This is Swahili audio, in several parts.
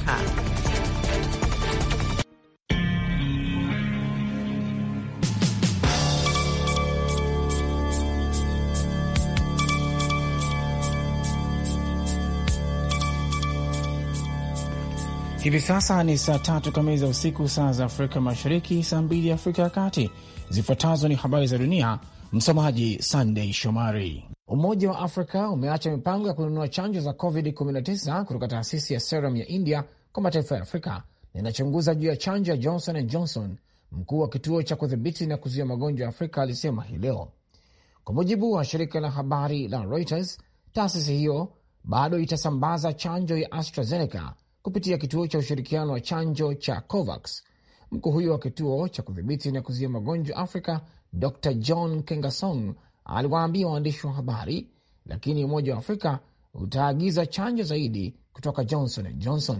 America. Hivi sasa ni saa tatu kamili za usiku, saa za Afrika Mashariki, saa mbili ya Afrika ya Kati. Zifuatazo ni habari za dunia, msomaji Sandei Shomari. Umoja wa Afrika umeacha mipango ya kununua chanjo za COVID-19 kutoka taasisi ya Serum ya India kwa mataifa ya Afrika na inachunguza juu ya chanjo ya Johnson and Johnson. Mkuu wa kituo cha kudhibiti na kuzuia magonjwa ya Afrika alisema hii leo, kwa mujibu wa shirika la habari la Reuters. Taasisi hiyo bado itasambaza chanjo ya AstraZeneca kupitia kituo cha ushirikiano wa chanjo cha COVAX. Mkuu huyo wa kituo cha kudhibiti na kuzuia magonjwa Afrika, Dr John Kengasong, aliwaambia waandishi wa habari, lakini Umoja wa Afrika utaagiza chanjo zaidi kutoka Johnson and Johnson.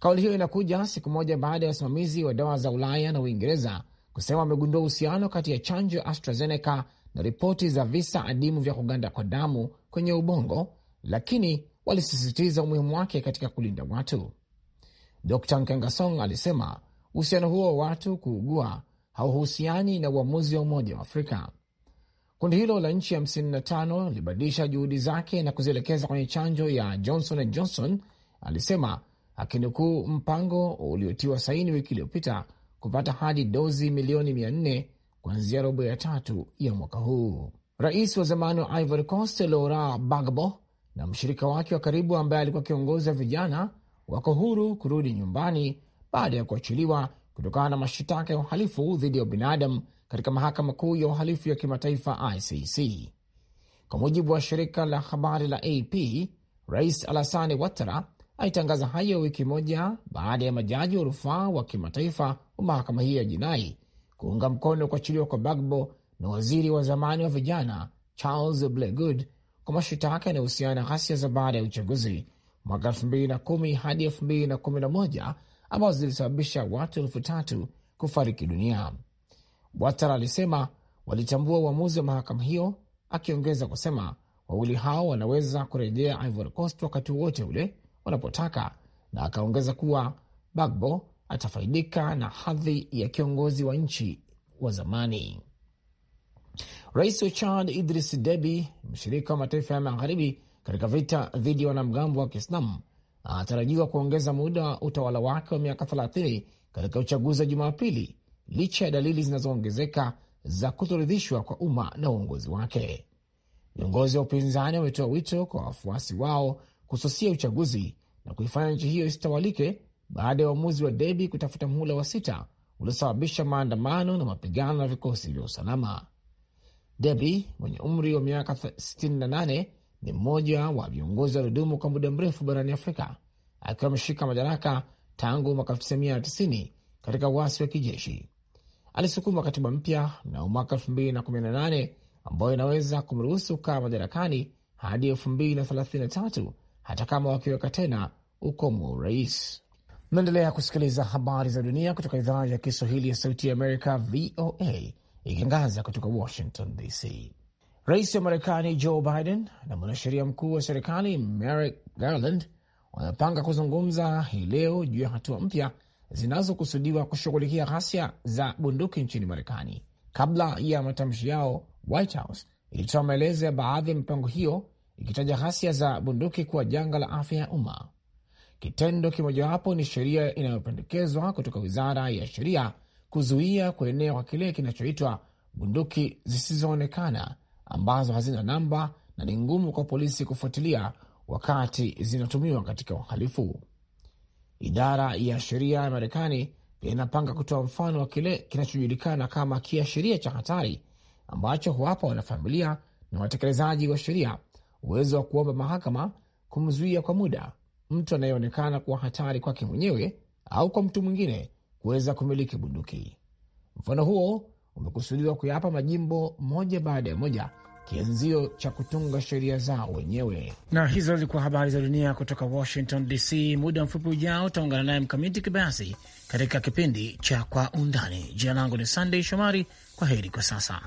Kauli hiyo inakuja siku moja baada ya wasimamizi wa dawa za Ulaya na Uingereza kusema wamegundua uhusiano kati ya chanjo ya AstraZeneca na ripoti za visa adimu vya kuganda kwa damu kwenye ubongo, lakini walisisitiza umuhimu wake katika kulinda watu. Dr Nkengasong alisema uhusiano huo wa watu kuugua hauhusiani na uamuzi wa Umoja wa Afrika. Kundi hilo la nchi 55 lilibadilisha juhudi zake na kuzielekeza kwenye chanjo ya Johnson and Johnson, alisema akinukuu mpango uliotiwa saini wiki iliyopita kupata hadi dozi milioni 400 kuanzia robo ya tatu ya mwaka huu. Rais wa zamani wa Ivory Coast Laurent Gbagbo na mshirika wake wa karibu ambaye alikuwa kiongozi wa vijana wako huru kurudi nyumbani baada ya kuachiliwa kutokana na mashitaka ya uhalifu dhidi ya ubinadamu katika mahakama kuu ya uhalifu ya kimataifa ICC. Kwa mujibu wa shirika la habari la AP, Rais Alassane Ouattara alitangaza hayo wiki moja baada ya majaji wa rufaa wa kimataifa wa mahakama hiyo ya jinai kuunga mkono kuachiliwa kwa Bagbo na waziri wa zamani wa vijana Charles Blegood kwa mashitaka yanayohusiana na ghasia za baada ya uchaguzi mwaka 2010 hadi 211 ambazo zilisababisha watu elfu tatu kufariki dunia. Bwatar alisema walitambua uamuzi wa mahakama hiyo, akiongeza kusema wawili hao wanaweza kurejea Ivory Coast wakati wowote ule wanapotaka, na akaongeza kuwa Bagbo atafaidika na hadhi ya kiongozi wa nchi wa zamani. Rais wa Chad Idris Debi, mshirika wa mataifa ya magharibi katika vita dhidi ya wanamgambo wa Kiislamu, anatarajiwa kuongeza muda wa utawala wake wa miaka 30 katika uchaguzi wa Jumapili, licha ya dalili zinazoongezeka za kutoridhishwa kwa umma na uongozi wake. Viongozi wa upinzani wametoa wito kwa wafuasi wao kususia uchaguzi na kuifanya nchi hiyo isitawalike baada ya uamuzi wa debi kutafuta muhula wa sita uliosababisha maandamano na mapigano na vikosi vya usalama. Debi mwenye umri wa miaka 68 ni mmoja wa viongozi waliodumu kwa muda mrefu barani Afrika, akiwa ameshika madaraka tangu mwaka 1990 katika uasi wa kijeshi. Alisukuma katiba mpya na mwaka 2018 ambayo inaweza kumruhusu kukaa madarakani hadi 2033 hata kama wakiweka tena ukomo wa urais. Naendelea kusikiliza habari za dunia kutoka idhaa ya Kiswahili ya Sauti ya Amerika, VOA, ikiangaza kutoka Washington DC. Rais wa Marekani Joe Biden na mwanasheria mkuu wa serikali Merrick Garland wanapanga kuzungumza hii leo juu ya hatua mpya zinazokusudiwa kushughulikia ghasia za bunduki nchini Marekani. Kabla ya matamshi yao, White House ilitoa maelezo ya baadhi ya mipango hiyo, ikitaja ghasia za bunduki kuwa janga la afya ya umma. Kitendo kimojawapo ni sheria inayopendekezwa kutoka wizara ya sheria kuzuia kuenea kwa kile kinachoitwa bunduki zisizoonekana ambazo hazina namba na ni ngumu kwa polisi kufuatilia wakati zinatumiwa katika uhalifu. Idara ya sheria ya Marekani pia inapanga kutoa mfano wa kile kinachojulikana kama kiashiria cha hatari ambacho huwapa wanafamilia na watekelezaji wa sheria uwezo wa kuomba mahakama kumzuia kwa muda mtu anayeonekana kuwa hatari kwake mwenyewe au kwa mtu mwingine kuweza kumiliki bunduki. Mfano huo umekusudiwa kuyapa majimbo moja baada ya moja kianzio cha kutunga sheria zao wenyewe. Na hizo zilikuwa habari za dunia kutoka Washington DC. Muda mfupi ujao utaungana naye Mkamiti Kibayasi katika kipindi cha Kwa Undani. Jina langu ni Sandey Shomari. Kwa heri kwa sasa.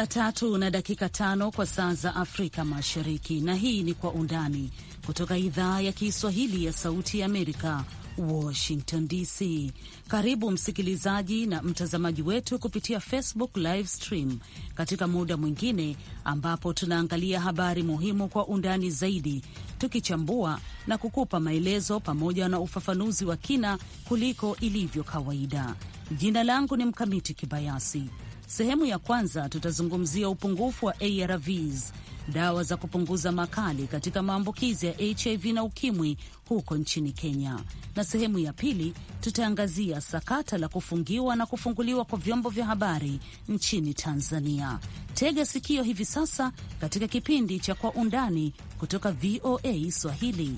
Saa tatu na dakika tano kwa saa za Afrika Mashariki, na hii ni Kwa Undani kutoka idhaa ya Kiswahili ya Sauti ya Amerika, Washington DC. Karibu msikilizaji na mtazamaji wetu kupitia Facebook live stream katika muda mwingine ambapo tunaangalia habari muhimu kwa undani zaidi, tukichambua na kukupa maelezo pamoja na ufafanuzi wa kina kuliko ilivyo kawaida. Jina langu ni Mkamiti Kibayasi Sehemu ya kwanza tutazungumzia upungufu wa ARVs, dawa za kupunguza makali katika maambukizi ya HIV na ukimwi huko nchini Kenya, na sehemu ya pili tutaangazia sakata la kufungiwa na kufunguliwa kwa vyombo vya habari nchini Tanzania. Tega sikio hivi sasa katika kipindi cha Kwa Undani kutoka VOA Swahili.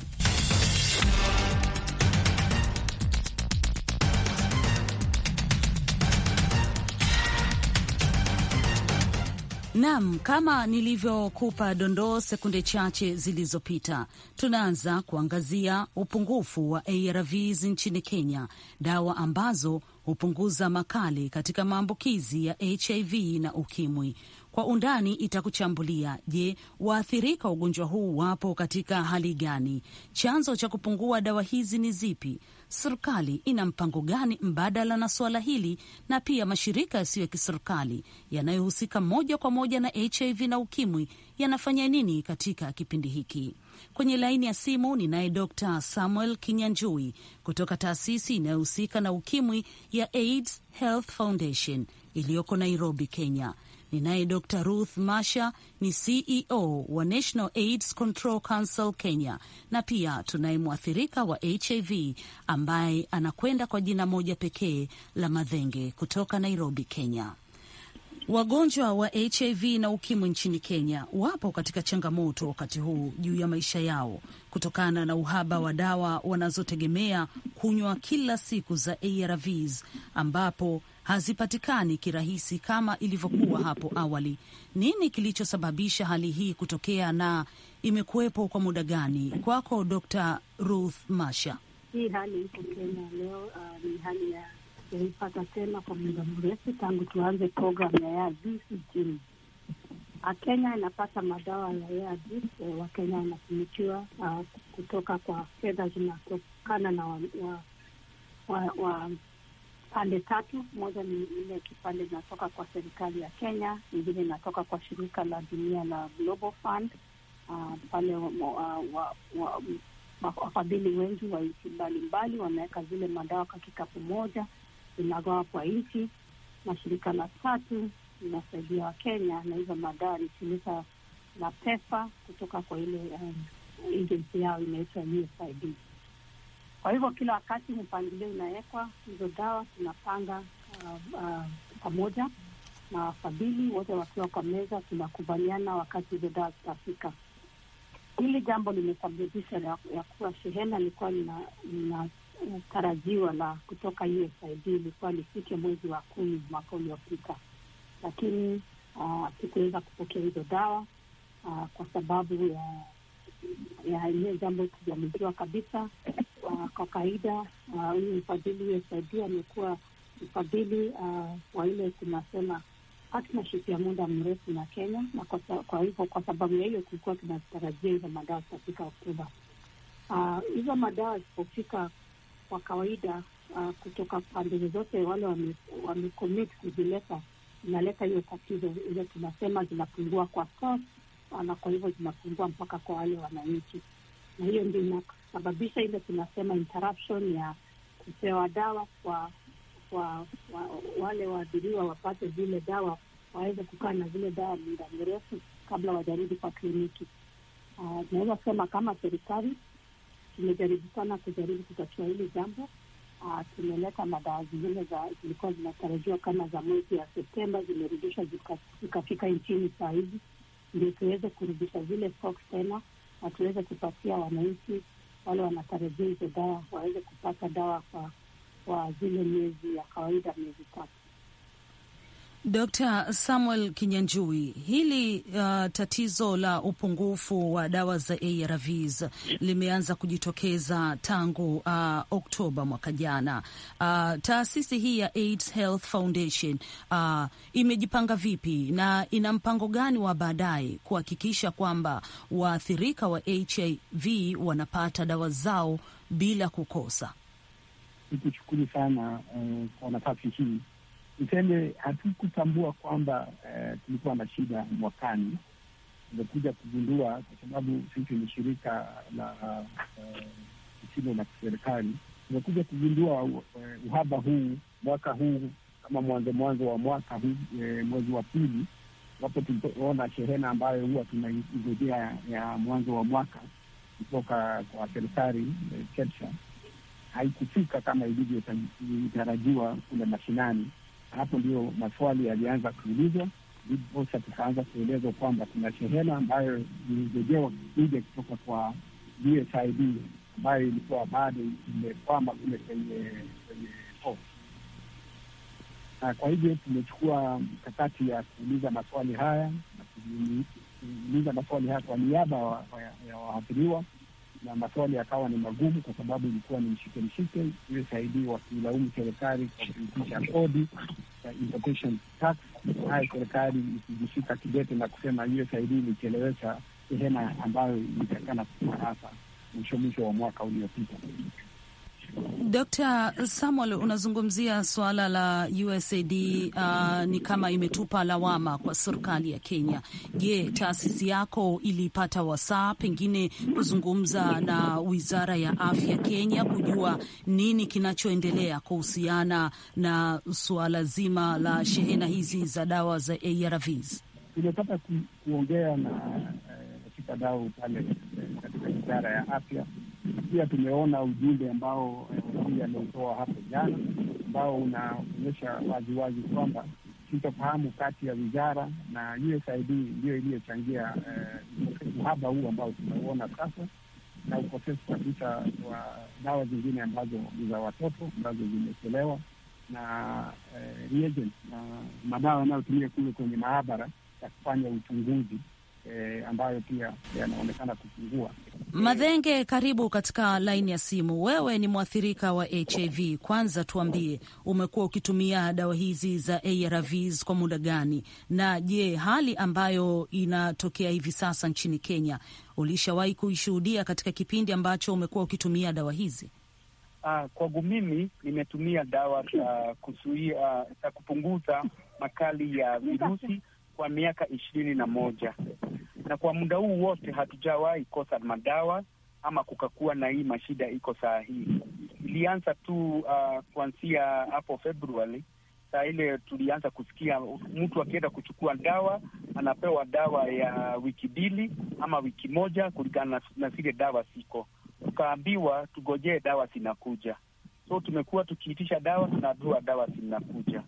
Naam, kama nilivyokupa dondoo sekunde chache zilizopita, tunaanza kuangazia upungufu wa ARVs nchini Kenya, dawa ambazo hupunguza makali katika maambukizi ya HIV na ukimwi kwa undani itakuchambulia. Je, waathirika wa ugonjwa huu wapo katika hali gani? Chanzo cha kupungua dawa hizi ni zipi? Serikali ina mpango gani mbadala na suala hili, na pia mashirika yasiyo ya kiserikali yanayohusika moja kwa moja na HIV na ukimwi yanafanya nini katika kipindi hiki? Kwenye laini ya simu ninaye Dr Samuel Kinyanjui kutoka taasisi inayohusika na ukimwi ya AIDS Health Foundation iliyoko Nairobi, Kenya. Ninaye Dr Ruth Masha, ni CEO wa National AIDS Control Council Kenya, na pia tunaye mwathirika wa HIV ambaye anakwenda kwa jina moja pekee la Madhenge kutoka Nairobi, Kenya. Wagonjwa wa HIV na ukimwi nchini Kenya wapo katika changamoto wakati huu juu ya maisha yao kutokana na uhaba wa dawa wanazotegemea kunywa kila siku za ARVs ambapo hazipatikani kirahisi kama ilivyokuwa hapo awali. Nini kilichosababisha hali hii kutokea na imekuwepo kwa muda gani? Kwako Dr. Ruth Masha. Hii hali iko Kenya leo, uh, ni hali ya nilipata tena kwa muda mrefu tangu tuanze programu ya ARVs nchini Kenya. Inapata madawa ya ARVs, Wakenya wanatumikiwa uh, kutoka kwa fedha zinatokana na wa, wa, wa, wa pande tatu. Moja ni ile kipande inatoka kwa serikali ya Kenya, ingine inatoka kwa shirika la dunia la Global Fund uh, pale wafadhili wengi wa nchi mbalimbali wanaweka zile madawa kwa kikapu moja inagawa kwa nchi na shirika la tatu linasaidia Wakenya na hizo madari shirika la pesa kutoka kwa ile um, agency yao inaitwa USAID. Kwa hivyo kila wakati mpangilio unawekwa, hizo dawa tunapanga pamoja uh, uh, na wafadhili wote wakiwa kwa meza, tunakubaliana wakati hizo dawa zitafika. Hili jambo limesababisha ya, ya kuwa shehena ilikuwa tarajiwa la kutoka USAID ilikuwa lifike mwezi wa kumi mwaka uliopita, lakini ah, hatukuweza uh, kupokea hizo dawa uh, kwa sababu ya ya jambo tujamjua kabisa. Uh, kwa kawaida huyu uh, mfadhili USAID amekuwa mfadhili uh, wa ile tunasema partnership ya muda mrefu na Kenya, na kwa, hivyo kwa sababu ya hiyo kulikuwa tunatarajia hizo madawa zitafika Oktoba. Hizo uh, madawa zipofika kwa kawaida uh, kutoka pande zozote wale wamecommit kuzileta, inaleta hiyo tatizo ile tunasema zinapungua kwa cost, na kwa hivyo zinapungua mpaka kwa wale wananchi, na hiyo ndio inasababisha ile tunasema interruption ya kupewa dawa kwa kwa wa, wale waadhiriwa wapate zile dawa, waweze kukaa na zile dawa muda mrefu kabla wajarudi kwa kliniki. Uh, naweza sema kama serikali tumejaribu sana kujaribu kutatua hili jambo. Uh, tumeleta madawa zingine za zilikuwa zinatarajiwa kama za mwezi ya Septemba zimerudishwa zikafika nchini saa hizi, ndio tuweze kurudisha zile stock tena na tuweze kupatia wananchi wale wanatarajia hizo dawa waweze kupata dawa kwa, kwa zile miezi ya kawaida, miezi tatu. Dr. Samuel Kinyanjui, hili uh, tatizo la upungufu wa dawa za ARVs limeanza kujitokeza tangu uh, Oktoba mwaka jana. Uh, taasisi hii ya AIDS Health Foundation uh, imejipanga vipi na ina mpango gani wa baadaye kuhakikisha kwamba waathirika wa HIV wanapata dawa zao bila kukosa? Nikushukuru sana uh, kwa nafasi hii tuseme hatukutambua kwamba eh, tulikuwa na shida mwakani. Tumekuja kugundua kwa sababu sisi ni shirika la lisilo eh, uh, la kiserikali. Tumekuja kugundua uh, uhaba huu mwaka huu kama mwanzo mwanzo wa mwaka huu eh, mwezi wa pili wapo tuliona shehena ambayo huwa tunaingojea ya mwanzo wa mwaka kutoka kwa serikali eh, haikufika kama ilivyotarajiwa kule mashinani hapo ndio maswali yalianza kuulizwa, ndiposa tukaanza kuelezwa kwamba kuna shehena ambayo ilirejewa kuja kutoka kwa USAID ambayo ilikuwa bado imekwama kule kwenye kwenye na kwa hivyo tumechukua mkakati ya kuuliza maswali haya na kuuliza maswali haya kwa niaba ya waathiriwa na maswali yakawa ni magumu, kwa sababu ilikuwa ni mshike mshike. USAID wakilaumu serikali kwa kuitisha kodi importation tax, serikali ikijishika kidete na kusema USAID ilichelewesha sehema ambayo ilitakana kutoa hasa mwisho mwisho wa mwaka uliopita. Dr. Samuel, unazungumzia suala la USAID uh, ni kama imetupa lawama kwa serikali ya Kenya. Je, taasisi yako ilipata wasaa pengine kuzungumza na Wizara ya Afya Kenya kujua nini kinachoendelea kuhusiana na suala zima la shehena hizi za dawa za ARVs? Tumepata kuongea na washikadau eh, pale eh, katika Wizara ya Afya pia tumeona ujumbe ambao eh, i ameutoa hapo jana ambao unaonyesha waziwazi kwamba sitofahamu kati ya wizara na USAID ndio iliyochangia eh, uhaba huu ambao tunauona sasa na ukosefu kabisa wa dawa zingine ambazo ni za watoto ambazo zimechelewa na eh, reagent na madawa yanayotumia kule kwenye maabara ya kufanya uchunguzi eh, ambayo pia yanaonekana kupungua. Madhenge, karibu katika laini ya simu. Wewe ni mwathirika wa HIV, kwanza tuambie, umekuwa ukitumia dawa hizi za ARVs kwa muda gani? Na je, hali ambayo inatokea hivi sasa nchini Kenya ulishawahi kuishuhudia katika kipindi ambacho umekuwa ukitumia dawa hizi? Uh, kwangu mimi nimetumia dawa za kuzuia za kupunguza makali ya virusi kwa miaka ishirini na moja na kwa muda huu wote hatujawahi kosa madawa ama kukakua na hii mashida iko saa hii. Ilianza tu uh, kuanzia hapo Februari saa ile tulianza kusikia mtu akienda kuchukua dawa anapewa dawa ya wiki mbili ama wiki moja kulingana na zile dawa ziko tukaambiwa tugojee dawa zinakuja. So tumekuwa tukiitisha dawa, tunaambiwa dawa zinakuja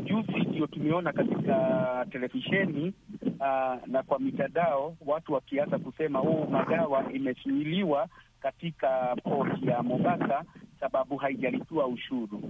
sababu juzi ndio tumeona katika televisheni uh, na kwa mitandao watu wakianza kusema huu oh, madawa imesuiliwa katika poti ya Mombasa sababu haijalipiwa ushuru.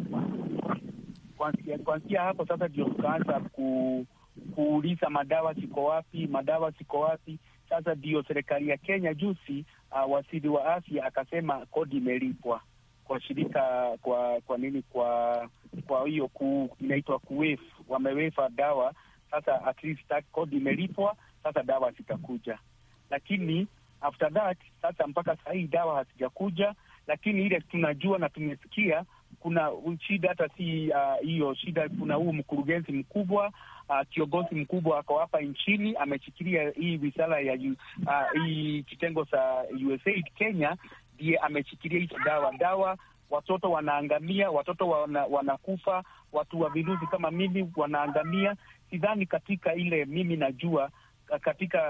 Kwanzia, hapo sasa ndio tukaanza ku, kuuliza madawa ziko wapi? Madawa ziko wapi? Sasa ndio serikali ya Kenya juzi, uh, waziri wa afya akasema kodi imelipwa kwa shirika kwa kwa nini kwa kwa hiyo ku, inaitwa kuwef, wamewefa dawa sasa, at least kodi imelipwa sasa, dawa zitakuja, lakini after that sasa, mpaka saa hii dawa hazijakuja, lakini ile tunajua na tumesikia kuna shida hata si uh, hiyo uh, shida. Kuna huu mkurugenzi mkubwa uh, kiongozi mkubwa ako hapa nchini ameshikilia hii wizara ya uh, hii kitengo cha USAID Kenya, ndiye ameshikilia hizo dawa. Dawa watoto wanaangamia, watoto wana, wanakufa, watu wa viruzi kama mimi wanaangamia. Sidhani katika ile mimi najua katika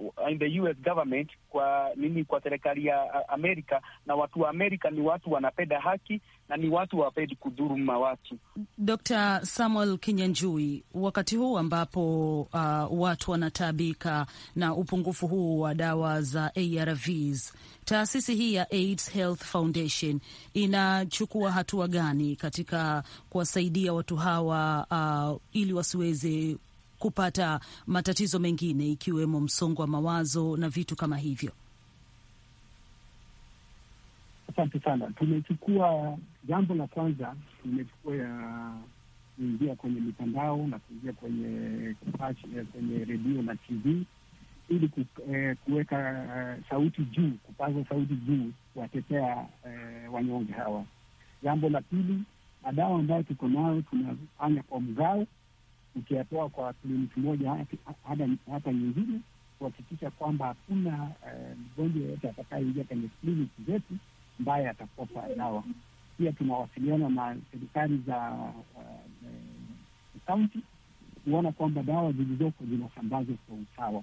uh, in the US government kwa nini, kwa serikali ya uh, Amerika na watu wa Amerika ni watu wanapenda haki na ni watu wapedi kudhuru mawatu. Dr. Samuel Kinyanjui, wakati huu ambapo uh, watu wanataabika na upungufu huu wa dawa za ARVs, taasisi hii ya AIDS Health Foundation inachukua hatua gani katika kuwasaidia watu hawa uh, ili wasiweze kupata matatizo mengine ikiwemo msongo wa mawazo na vitu kama hivyo? Asante sana. Tumechukua jambo la kwanza, tumechukua ya kuingia kwenye mitandao na kuingia kwenye eh, kwenye redio na TV ili eh, kuweka uh, sauti juu, kupaza sauti juu, kuwatetea eh, wanyonge hawa. Jambo la pili, madawa ambayo tuko nayo tunafanya kwa mgao, ukiyatoa kwa kliniki moja hata nyingine, kuhakikisha kwamba hakuna mgonjwa uh, yoyote atakayeingia kwenye kliniki zetu ambaye atakosa dawa. Pia tunawasiliana na serikali za kaunti uh, uh, kuona kwamba dawa zilizoko zinasambazwa kwa usawa.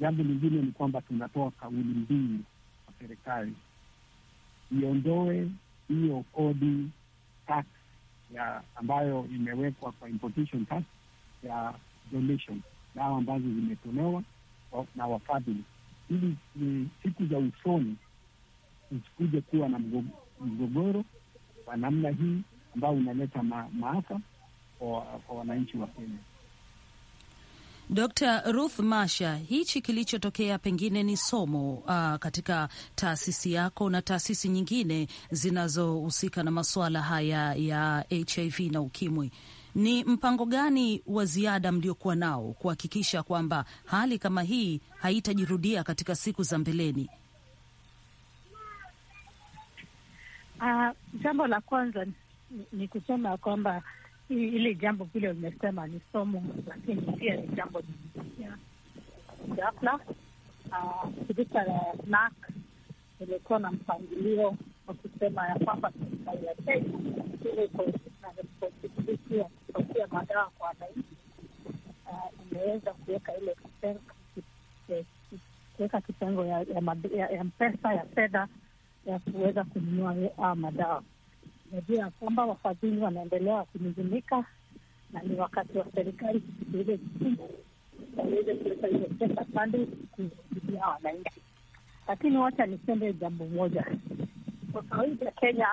Jambo lingine ni kwamba tunatoa kauli mbili kwa serikali iondoe hiyo kodi tax ya ambayo imewekwa kwa tax ya donation dawa ambazo zimetolewa na wafadhili, ili eh, siku za usoni usikuje kuwa na mgogoro wa namna hii ambao unaleta ma, maafa kwa wananchi wa Kenya. Dr. Ruth Masha, hichi kilichotokea pengine ni somo uh, katika taasisi yako na taasisi nyingine zinazohusika na masuala haya ya HIV na ukimwi. Ni mpango gani wa ziada mliokuwa nao kuhakikisha kwamba hali kama hii haitajirudia katika siku za mbeleni? Uh, jambo la kwanza ni, ni kusema kwamba ile jambo vile umesema ni somo, lakini pia ni jambo ghafla. Ah, shirika la NAC ilikuwa na mpangilio wa kusema ya kwamba serikali ya Kenya iko na responsibility ya kupatia madawa kwa wananchi, ah, imeweza kuweka ile eh, kuweka kitengo ya mpesa ya fedha ya kuweza kununua uh, madawa. Najua ya kwamba wafadhili wanaendelea kunuzumika na ni wakati wa serikali kusikiliza waweze kuweka hizo pesa pande kusaidia wananchi. Lakini wacha niseme jambo moja, kwa kawaida Kenya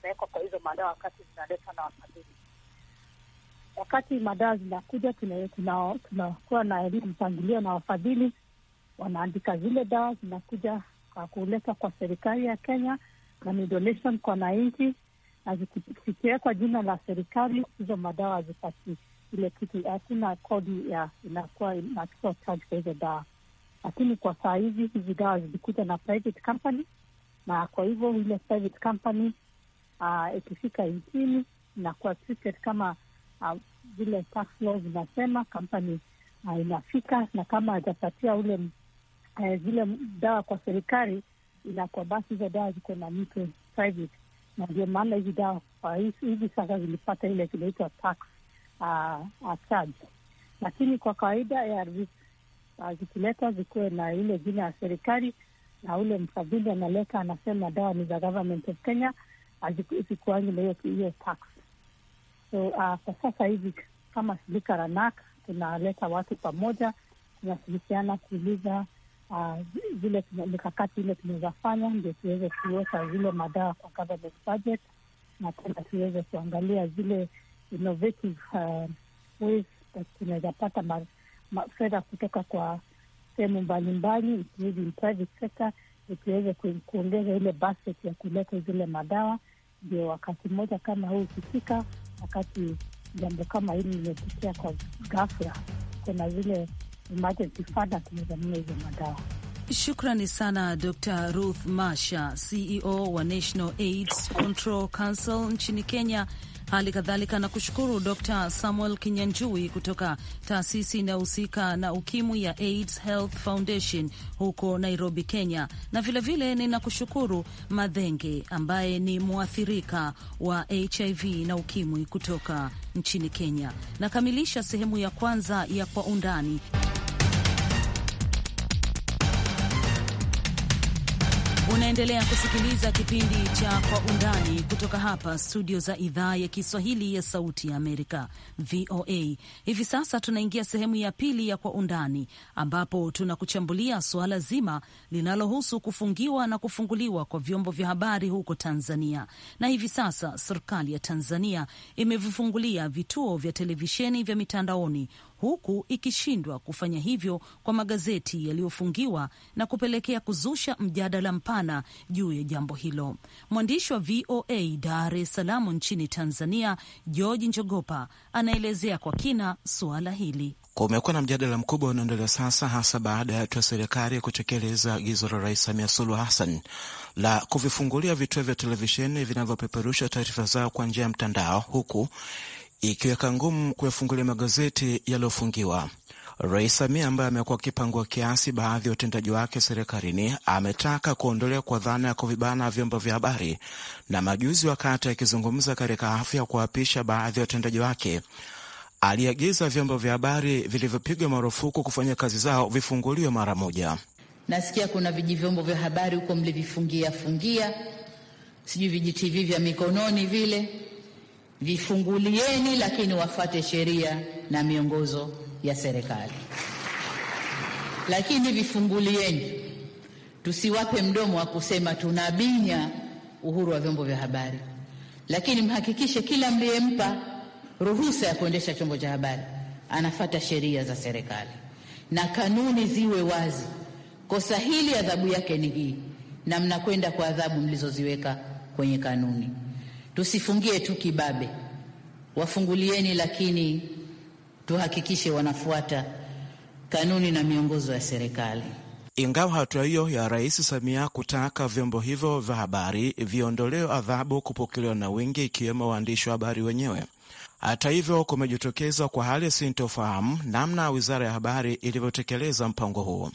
inawekwa kwa hizo madawa wakati zinaletwa na wafadhili. Wakati madawa zinakuja, tunakuwa na elimu mpangilio na wafadhili wanaandika zile dawa zinakuja kwa kuleta kwa serikali ya Kenya na donation kwa wananchi, na zikiwekwa jina la serikali hizo madawa hazipati ile kitu, hakuna kodi ya inakuwa inatoa charge kwa hizo dawa. Lakini kwa saa hizi hizi dawa zilikuja na private company, na kwa hivyo ile private company ah, ikifika nchini inakuwa treated kama vile ah, tax law zinasema, kampani uh, ah, inafika na kama hajapatia ule eh, zile dawa kwa serikali, inakuwa basi hizo dawa ziko na mtu private, na ndio maana hizi dawa hivi sasa zilipata ile zinaitwa tax ah, ah, charge, lakini kwa kawaida uh, zikiletwa zikuwe na ile jina ya serikali na ule mfadhili analeta anasema dawa ni za government of Kenya, zikuangi na hiyo tax. So uh, kwa sasa hivi kama shirika la tunaleta watu pamoja, tunashirikiana kuuliza Ah, zile mikakati ile tunawezafanya ndio tuweze kuweka zile madawa kwa government budget, na tena tuweze kuangalia zile innovative uh, ways tunawezapata fedha kutoka kwa sehemu mbalimbali ikiwezi private sector, tuweze kuongeza ile basket ya kuleta zile madawa, ndio wakati mmoja kama huu ukifika, wakati jambo kama hili limetokea kwa ghafla, kuna zile emergency fund tumehamia hizo madawa. Shukrani sana Dr Ruth Masha, CEO wa National AIDS Control Council nchini Kenya. Hali kadhalika na kushukuru Dr Samuel Kinyanjui kutoka taasisi inayohusika na ukimwi ya AIDS Health Foundation huko Nairobi, Kenya, na vilevile ninakushukuru Madhenge ambaye ni mwathirika wa HIV na ukimwi kutoka nchini Kenya. Nakamilisha sehemu ya kwanza ya Kwa Undani. Unaendelea kusikiliza kipindi cha Kwa Undani kutoka hapa studio za idhaa ya Kiswahili ya Sauti ya Amerika, VOA. Hivi sasa tunaingia sehemu ya pili ya Kwa Undani, ambapo tunakuchambulia suala zima linalohusu kufungiwa na kufunguliwa kwa vyombo vya habari huko Tanzania. Na hivi sasa serikali ya Tanzania imevifungulia vituo vya televisheni vya mitandaoni huku ikishindwa kufanya hivyo kwa magazeti yaliyofungiwa na kupelekea kuzusha mjadala mpana juu ya jambo hilo. Mwandishi wa VOA Dar es Salaam nchini Tanzania, George Njogopa anaelezea kwa kina suala hili. Kumekuwa na mjadala mkubwa unaendelea sasa, hasa baada ya hatua ya serikali kutekeleza agizo la Rais Samia Suluhu Hassan la kuvifungulia vituo vya televisheni vinavyopeperusha taarifa zao kwa njia ya mtandao, huku ikiweka ngumu kuyafungulia magazeti yaliyofungiwa. Rais Samia ambaye amekuwa akipangua kiasi baadhi ya utendaji wake serikalini ametaka kuondolewa kwa dhana ya kuvibana vyombo vya habari, na majuzi, wakati akizungumza katika hafla ya kuapisha baadhi ya utendaji wake, aliagiza vyombo vya habari vilivyopigwa marufuku kufanya kazi zao vifunguliwe mara moja. Nasikia kuna viji vyombo vya habari huko mlivifungia fungia, sijui vijitv vya mikononi vile vifungulieni, lakini wafate sheria na miongozo ya serikali. Lakini vifungulieni, tusiwape mdomo wa kusema tunabinya uhuru wa vyombo vya habari, lakini mhakikishe kila mliyempa ruhusa ya kuendesha chombo cha habari anafata sheria za serikali na kanuni ziwe wazi. Kosa hili adhabu yake ni hii, na mnakwenda kwa adhabu mlizoziweka kwenye kanuni. Tusifungie tu kibabe, wafungulieni, lakini tuhakikishe wanafuata kanuni na miongozo ya serikali. Ingawa hatua hiyo ya Rais Samia kutaka vyombo hivyo vya habari viondolewe adhabu kupokelewa na wingi, ikiwemo waandishi wa habari wenyewe. Hata hivyo, kumejitokeza kwa hali sintofahamu namna wizara ya habari ilivyotekeleza mpango huo.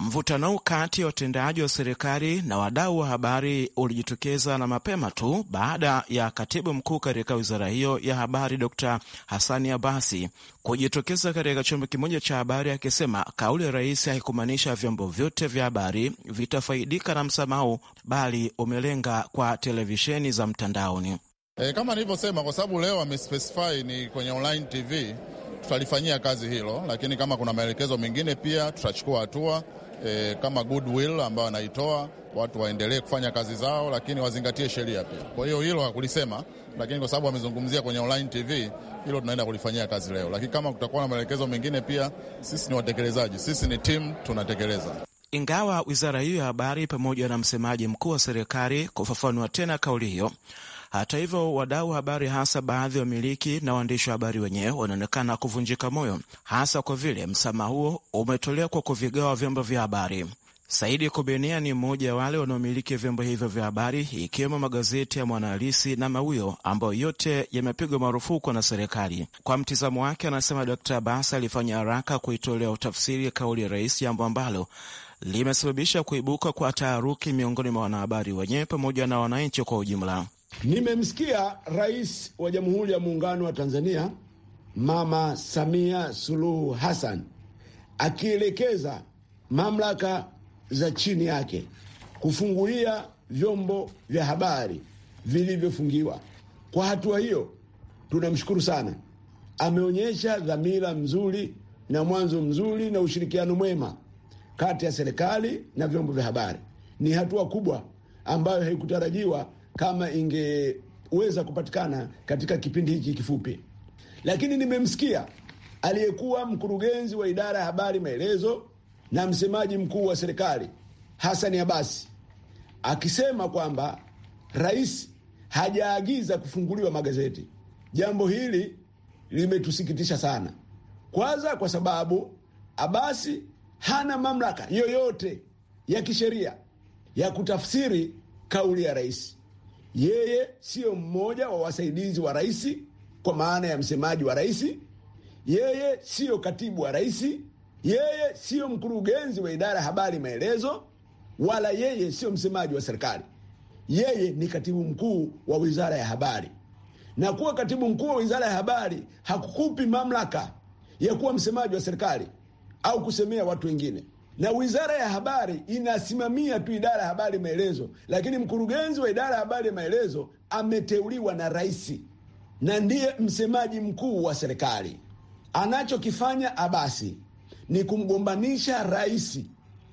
Mvutano kati ya watendaji wa serikali na wadau wa habari ulijitokeza na mapema tu baada ya katibu mkuu katika wizara hiyo ya habari Dr Hasani Abasi kujitokeza katika chombo kimoja cha habari akisema kauli ya rais haikumaanisha vyombo vyote vya habari vitafaidika na msamaha bali umelenga kwa televisheni za mtandaoni. E, kama nilivyosema, kwa sababu leo amespesify ni kwenye online TV, tutalifanyia kazi hilo, lakini kama kuna maelekezo mengine pia tutachukua hatua e, kama goodwill ambayo anaitoa, watu waendelee kufanya kazi zao, lakini wazingatie sheria pia. Kwa hiyo hilo hakulisema, lakini kwa sababu wamezungumzia kwenye online TV, hilo tunaenda kulifanyia kazi leo, lakini kama kutakuwa na maelekezo mengine, pia sisi ni watekelezaji, sisi ni timu, tunatekeleza. Ingawa wizara hiyo ya habari pamoja na msemaji mkuu wa serikali kufafanua tena kauli hiyo hata hivyo, wadau wa habari, hasa baadhi ya wamiliki na waandishi wa habari wenyewe, wanaonekana kuvunjika moyo, hasa kwa vile msamaha huo umetolewa kwa kuvigawa vyombo vya habari. Saidi Kubenia ni mmoja wa wale wanaomiliki vyombo hivyo vya habari ikiwemo magazeti ya Mwanahalisi na Mawio ambayo yote yamepigwa marufuku na serikali. Kwa mtizamo wake, anasema d Abasa alifanya haraka kuitolea utafsiri kauli ya rais, jambo ambalo limesababisha kuibuka kwa taharuki miongoni mwa wanahabari wenyewe pamoja na wananchi kwa ujumla. Nimemsikia Rais wa Jamhuri ya Muungano wa Tanzania Mama Samia Suluhu Hassan akielekeza mamlaka za chini yake kufungulia vyombo vya habari vilivyofungiwa. Kwa hatua hiyo, tunamshukuru sana. Ameonyesha dhamira mzuri na mwanzo mzuri na ushirikiano mwema kati ya serikali na vyombo vya habari. Ni hatua kubwa ambayo haikutarajiwa kama ingeweza kupatikana katika kipindi hiki kifupi. Lakini nimemsikia aliyekuwa mkurugenzi wa idara ya habari maelezo na msemaji mkuu wa serikali Hasani Abasi akisema kwamba rais hajaagiza kufunguliwa magazeti. Jambo hili limetusikitisha sana, kwanza kwa sababu Abasi hana mamlaka yoyote ya kisheria ya kutafsiri kauli ya rais. Yeye siyo mmoja wa wasaidizi wa rais kwa maana ya msemaji wa rais, yeye siyo katibu wa rais, yeye siyo mkurugenzi wa idara ya habari maelezo, wala yeye siyo msemaji wa serikali. Yeye ni katibu mkuu wa wizara ya habari, na kuwa katibu mkuu wa wizara ya habari hakukupi mamlaka ya kuwa msemaji wa serikali au kusemea watu wengine na wizara ya habari inasimamia tu idara ya habari maelezo, lakini mkurugenzi wa idara ya habari maelezo ameteuliwa na rais na ndiye msemaji mkuu wa serikali. Anachokifanya Abasi ni kumgombanisha rais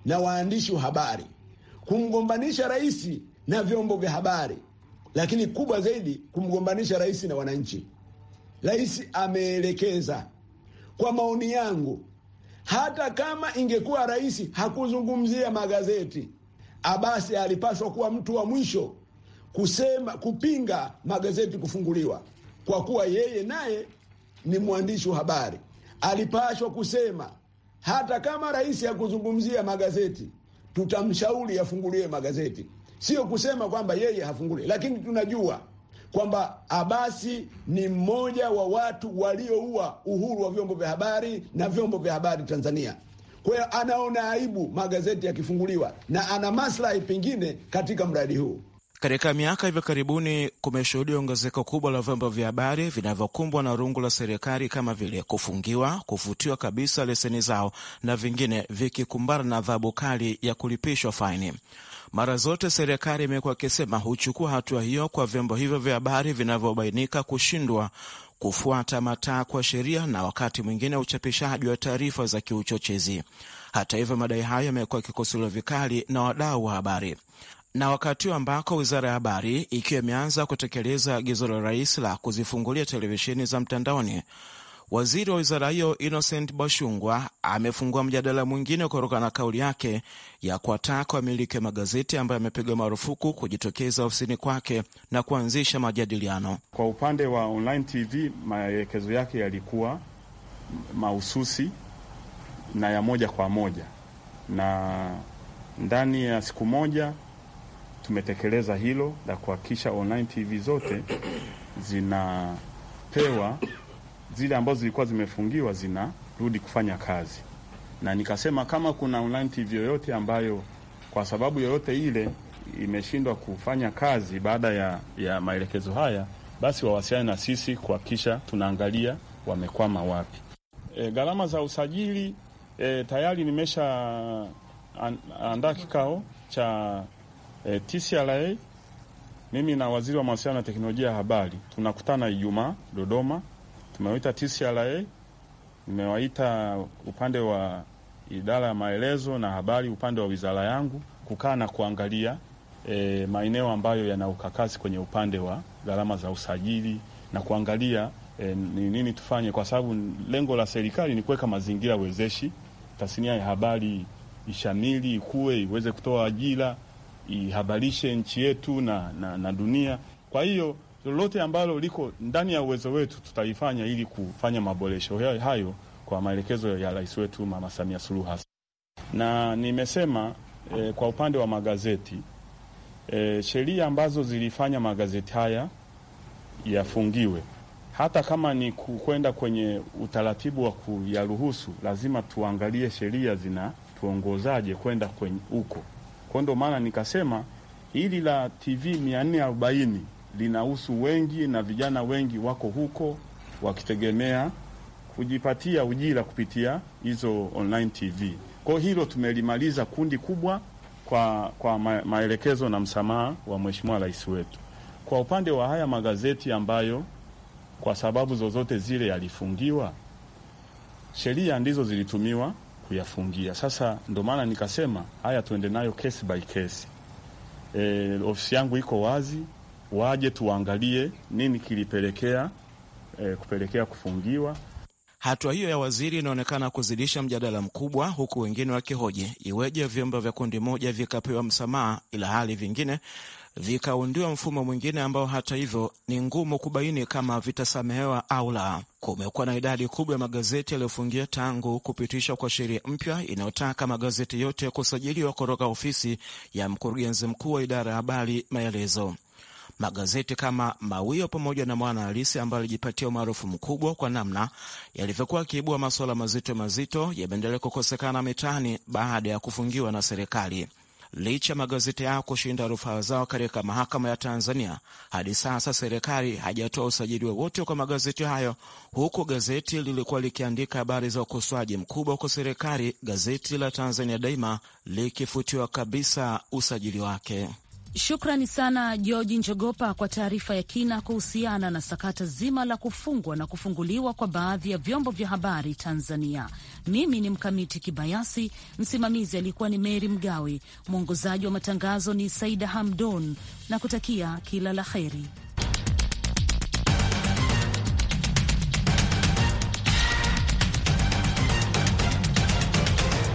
na waandishi wa habari, kumgombanisha rais na vyombo vya habari, lakini kubwa zaidi kumgombanisha rais na wananchi. Rais ameelekeza, kwa maoni yangu hata kama ingekuwa rais hakuzungumzia magazeti, Abasi alipaswa kuwa mtu wa mwisho kusema kupinga magazeti kufunguliwa, kwa kuwa yeye naye ni mwandishi wa habari. Alipaswa kusema hata kama rais hakuzungumzia magazeti, tutamshauri afunguliwe magazeti, sio kusema kwamba yeye hafunguli, lakini tunajua kwamba Abasi ni mmoja wa watu walioua uhuru wa vyombo vya habari na vyombo vya habari Tanzania. Kwa hiyo anaona aibu magazeti yakifunguliwa na ana maslahi pengine katika mradi huu. Katika miaka hivi karibuni kumeshuhudia ongezeko kubwa la vyombo vya habari vinavyokumbwa na rungu la serikali kama vile kufungiwa, kufutiwa kabisa leseni zao na vingine vikikumbana na adhabu kali ya kulipishwa faini. Mara zote serikali imekuwa ikisema huchukua hatua hiyo kwa vyombo hivyo vya habari vinavyobainika kushindwa kufuata matakwa sheria na wakati mwingine uchapishaji wa taarifa za kiuchochezi. Hata hivyo, madai hayo yamekuwa yakikosolewa vikali na wadau wa habari na wakati ambako wizara ya habari ikiwa imeanza kutekeleza agizo la rais la kuzifungulia televisheni za mtandaoni, Waziri wa wizara hiyo Innocent Bashungwa amefungua mjadala mwingine kutokana na kauli yake ya kuwataka wamiliki wa magazeti ambayo amepigwa marufuku kujitokeza ofisini kwake na kuanzisha majadiliano. Kwa upande wa online TV, maelekezo yake yalikuwa mahususi na ya moja kwa moja, na ndani ya siku moja tumetekeleza hilo la kuhakikisha online TV zote zinapewa zile ambazo zilikuwa zimefungiwa zinarudi kufanya kazi, na nikasema kama kuna online TV yoyote ambayo kwa sababu yoyote ile imeshindwa kufanya kazi baada ya, ya maelekezo haya, basi wawasiliane na sisi kuhakikisha tunaangalia wamekwama wapi. E, gharama za usajili e, tayari nimesha andaa kikao cha e, TCRA mimi na waziri wa mawasiliano na teknolojia ya habari tunakutana Ijumaa Dodoma tumewaita TCRA, nimewaita upande wa idara ya maelezo na habari, upande wa wizara yangu kukaa na kuangalia e, maeneo ambayo yana ukakasi kwenye upande wa gharama za usajili na kuangalia e, ni nini tufanye, kwa sababu lengo la serikali ni kuweka mazingira wezeshi, tasnia ya habari ishamili, ikue, iweze kutoa ajira, ihabarishe nchi yetu na, na, na dunia. Kwa hiyo lolote ambalo liko ndani ya uwezo wetu tutalifanya ili kufanya maboresho hayo kwa maelekezo ya rais wetu Mama Samia Suluhu Hassan. Na nimesema e, kwa upande wa magazeti e, sheria ambazo zilifanya magazeti haya yafungiwe, hata kama ni kwenda kwenye utaratibu wa kuyaruhusu, lazima tuangalie sheria zinatuongozaje kwenda huko. Kwa ndio maana nikasema hili la TV 440 linahusu wengi, na vijana wengi wako huko wakitegemea kujipatia ujira kupitia hizo online TV. Kwa hilo tumelimaliza kundi kubwa kwa, kwa maelekezo na msamaha wa Mheshimiwa Rais wetu. Kwa upande wa haya magazeti ambayo kwa sababu zozote zile yalifungiwa, sheria ndizo zilitumiwa kuyafungia. Sasa ndo maana nikasema haya tuende nayo case by case. E, ofisi yangu iko wazi waje tuangalie nini kilipelekea e, kupelekea kufungiwa. Hatua hiyo ya waziri inaonekana kuzidisha mjadala mkubwa, huku wengine wakihoji iweje vyombo vya kundi moja vikapewa msamaha, ila hali vingine vikaundiwa mfumo mwingine ambao hata hivyo ni ngumu kubaini kama vitasamehewa au la. Kumekuwa na idadi kubwa ya magazeti yaliyofungia tangu kupitishwa kwa sheria mpya inayotaka magazeti yote kusajiliwa kutoka ofisi ya mkurugenzi mkuu wa idara ya habari, maelezo magazeti kama Mawio pamoja na Mwana Halisi ambayo alijipatia umaarufu mkubwa kwa namna yalivyokuwa akiibua masuala mazito mazito yameendelea kukosekana mitaani baada ya kufungiwa na serikali. Licha magazeti yao kushinda rufaa zao katika mahakama ya Tanzania, hadi sasa serikali hajatoa usajili wowote kwa magazeti hayo, huku gazeti lilikuwa likiandika habari za ukosoaji mkubwa kwa serikali, gazeti la Tanzania Daima likifutiwa kabisa usajili wake. Shukrani sana Georgi Njogopa kwa taarifa ya kina kuhusiana na sakata zima la kufungwa na kufunguliwa kwa baadhi ya vyombo vya habari Tanzania. Mimi ni Mkamiti Kibayasi, msimamizi alikuwa ni Meri Mgawe, mwongozaji wa matangazo ni Saida Hamdon, na kutakia kila la heri.